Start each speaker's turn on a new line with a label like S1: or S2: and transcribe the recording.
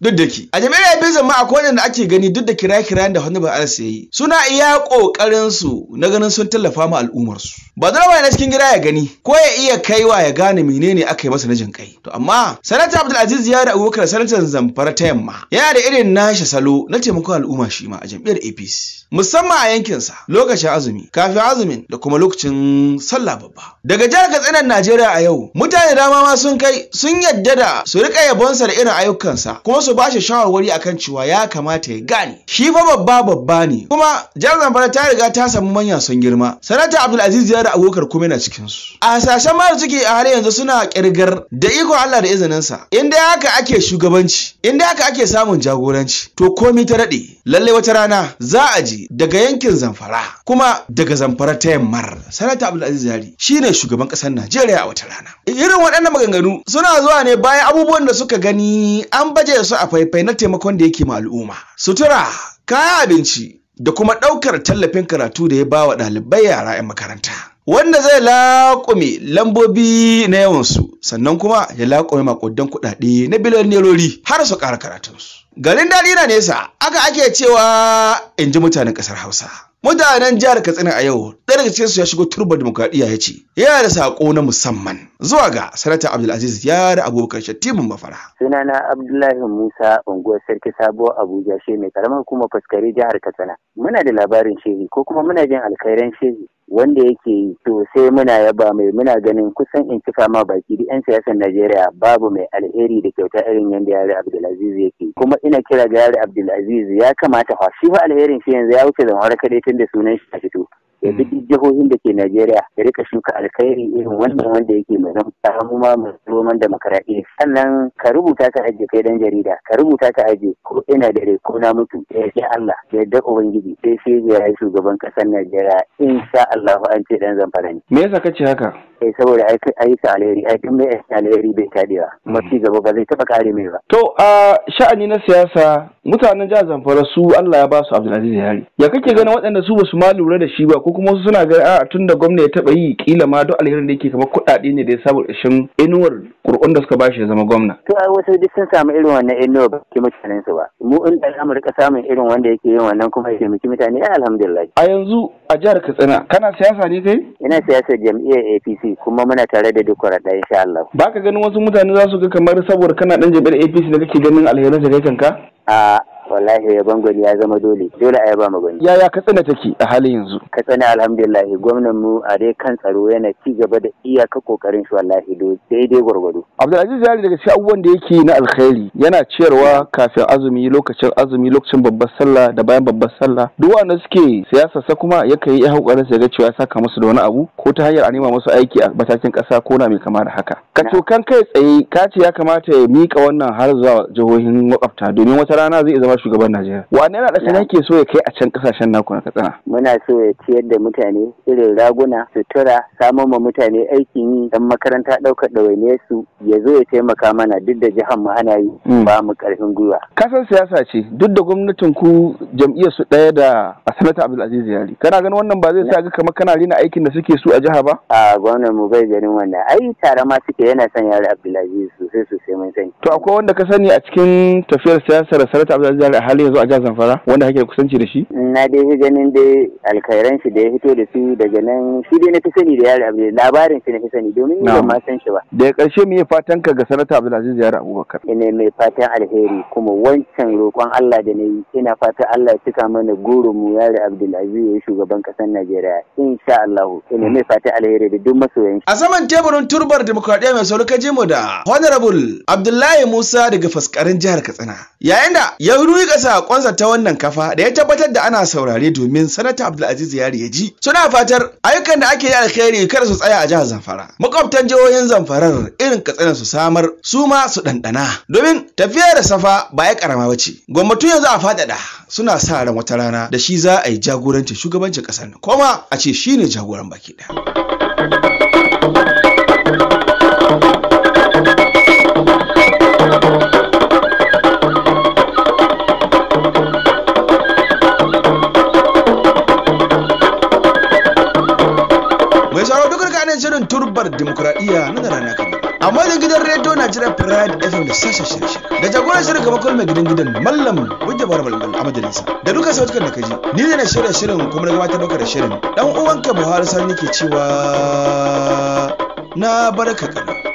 S1: duk da ki a jami'ar zama a kowane da ake gani duk da kira-kiran da ba anas ya yi suna iya kokarin su na ganin sun tallafa ma al'ummar su ba zama na cikin gida ya gani ko ya iya kaiwa ya gane menene aka yi masa na jin kai to amma sanata abdulaziz ya da abubakar sanatan zamfara ta yamma yana da irin nashi salo na taimakon al'umma shi ma a jami'ar apc musamman a yankin sa, lokacin azumi kafin azumin da kuma lokacin sallah babba daga jihar katsinan najeriya a yau mutane dama ma sun kai sun yadda da su rika yabonsa da irin ayyukansa kuma su bashi shawarwari akan cewa ya kamata ya gane shi fa babba babba ne kuma jihar zamfara ta riga ta samu manya sun girma sanata abdulaziz ya da abokar kuma yana cikinsu a hasashen mara ciki a halin yanzu suna kirgar da iko allah da sa inda haka ake shugabanci inda haka ake samun jagoranci to komai ta daɗe lallai wata rana za a ji Zari daga yankin Zamfara kuma daga Zamfara ta yammar Sanata Abdulaziz Zari shine shugaban ƙasar Najeriya a wata rana. Irin waɗannan maganganu suna zuwa ne bayan abubuwan da suka gani an baje su a faifai na taimakon da yake ma al'umma. Sutura, kayan abinci da kuma ɗaukar tallafin karatu da ya ba wa ɗalibai yara 'yan makaranta. wanda zai laƙume lambobi na yawansu sannan kuma ya laƙume makudan kuɗaɗe na biliyan nerori har su ƙara karatunsu. garin daɗi na nesa aka ake cewa in ji mutanen ƙasar hausa mutanen jihar katsina a yau ɗaya daga cikinsu ya shigo turbar dimokuraɗiyya ya ce yana da saƙo na musamman zuwa ga sanata abdulaziz yara abubakar shattimin mafara
S2: sunana abdullahi musa unguwar sarki sabo abuja shi mai karamar kuma faskari jihar katsina muna da labarin shehi ko kuma muna jin alkhairan shehi wanda yake yi to sai muna yaba mai muna ganin kusan in cika ma baki duk yan siyasar Najeriya babu mai alheri da kyauta irin yadda yare Abdulaziz yake kuma ina kira ga yare Abdulaziz ya kamata fa shi fa alherin shi yanzu ya wuce zama har kadai tun da sunan shi a fito ya duk Najeriya ya rika shuka alkhairi irin wannan wanda yake mai zama mu ma mai roman demokaradiyya sannan ka rubuta ka aje kai dan jarida ka rubuta ka aje ko ina da rai ko na mutu da yake Allah da yadda ubangiji sai sai ya yi shugaban kasar Najeriya insha Allah an ce dan zamfara ne
S3: me yasa ka kace haka
S2: eh saboda ai salary ai duk mai alheri bai kadewa kuma mm. ci gaba ba zai taba kare mai ba to a
S3: sha'ani na siyasa mutanen jihar Zamfara su Allah ya ba su Abdulaziz Yari ya kake ganin waɗanda su basu ma lura da shi ba ko kuma suna ganin a tunda gwamna ya taba yi kila ma duk alherin da yake kamar kuɗaɗe ne da ya samu ƙarshen inuwar kurkun da suka ba shi ya zama gwamna
S2: to ai wasu duk sun samu irin wannan inuwar ba ke mutanen su ba mu in da Amurka samun irin wanda yake yin wannan kuma ya taimaki mutane alhamdulillah a yanzu a jihar Katsina kana siyasa ne kai ina siyasar jam'iyyar APC APC kuma muna tare da duk ɗaya insha Allah.
S3: Ba ka ganin wasu mutane za su ga kamar saboda kana ɗan jam'iyyar APC da kake ganin alherin
S2: da kai wallahi yaban gwani ya zama dole dole a yaba ma gwani yaya katsina take a halin yanzu katsina alhamdulillah gwamnan mu a dai kan tsaro yana ci gaba da iyaka kokarin shi wallahi daidai gwargwado
S3: abdulaziz jari daga cikin abubuwan da yake na alkhairi yana ciyarwa kafin azumi lokacin azumi lokacin babbar sallah da bayan babbar sallah duk wanda suke siyasa sa kuma yakan yi kokarin sa ga cewa ya saka musu da wani abu ko ta hanyar a nema musu aiki a matakin kasa ko na mai kama da haka ka kan kai tsaye ka ce ya kamata ya mika wannan har zuwa jihohin makwabta domin wata rana zai zama shugaban Najeriya. Wane da kana ke so ya kai a can ƙasashen naku na Katsina?
S2: Muna so ya ciyar da mutane irin raguna, sutura, samun ma mutane aikin yi, dan makaranta ɗaukar ɗawainiyar su ya zo ya taimaka mana duk da jihar mu hana yi hmm. ba mu ƙarfin gwiwa.
S3: Kasan siyasa ce duk da gwamnatin ku jam'iyyar su ɗaya da a sanata Abdulaziz Yari. Kana ganin wannan ba zai sa ga kamar kana rina aikin da suke so a jiha
S2: ba? A gwamnan mu bai ganin wannan. Ai tare ma suke yana son Yari Abdulaziz sosai sosai mun sani.
S3: To akwai wanda ka sani a cikin tafiyar siyasar sanata Abdulaziz misali a halin yanzu a jihar Zamfara wanda kake kusanci da shi?
S2: Na dai fi ganin dai alkairan shi da ya fito da su daga nan shi dai na fi sani da yare Abdul labarin shi na fi sani domin ni ma san shi ba.
S3: Da karshe me fatan ka ga sanata Abdulaziz Yare Abubakar? Ina
S2: mai fatan alheri kuma wancan roƙon Allah da na yi ina fatan Allah ya cika mana goro mu Yare Abdulaziz ya shugaban ƙasar Najeriya insha Allah. Ina mai fatan alheri da duk masoyan shi.
S1: A saman teburin turbar demokradiyya mai sauri ka je mu da Honorable Abdullahi Musa daga faskarin jihar Katsina. Yayin da Yahudu miƙa saƙonsa ta wannan kafa da ya tabbatar da ana saurare domin sanata Abdulaziz Yari ya ji. Suna fatar ayyukan da ake yi alkhairi kar su tsaya a jihar Zamfara. Makwabtan jihohin Zamfarar irin katsina su samar su ma su ɗanɗana. Domin tafiya da safa ba ya karama ba ce. Gwamnati yanzu a faɗaɗa suna sa ran wata rana da shi za a yi jagorancin shugabancin ƙasar nan. Koma a ce shine jagoran baki ɗaya. shirin turbar dimokuraɗiyya na rana kan a madadin gidan rediyo najeriya pride fm da sashen shirye da jagoran shirin gaba mai gidan gidan mallam wujja bara balbal a madadinsa da duka sautukan da kaji ni ne na shirya shirin kuma na gabatar maka da shirin dan uwanka buhari sani ke cewa na barka kana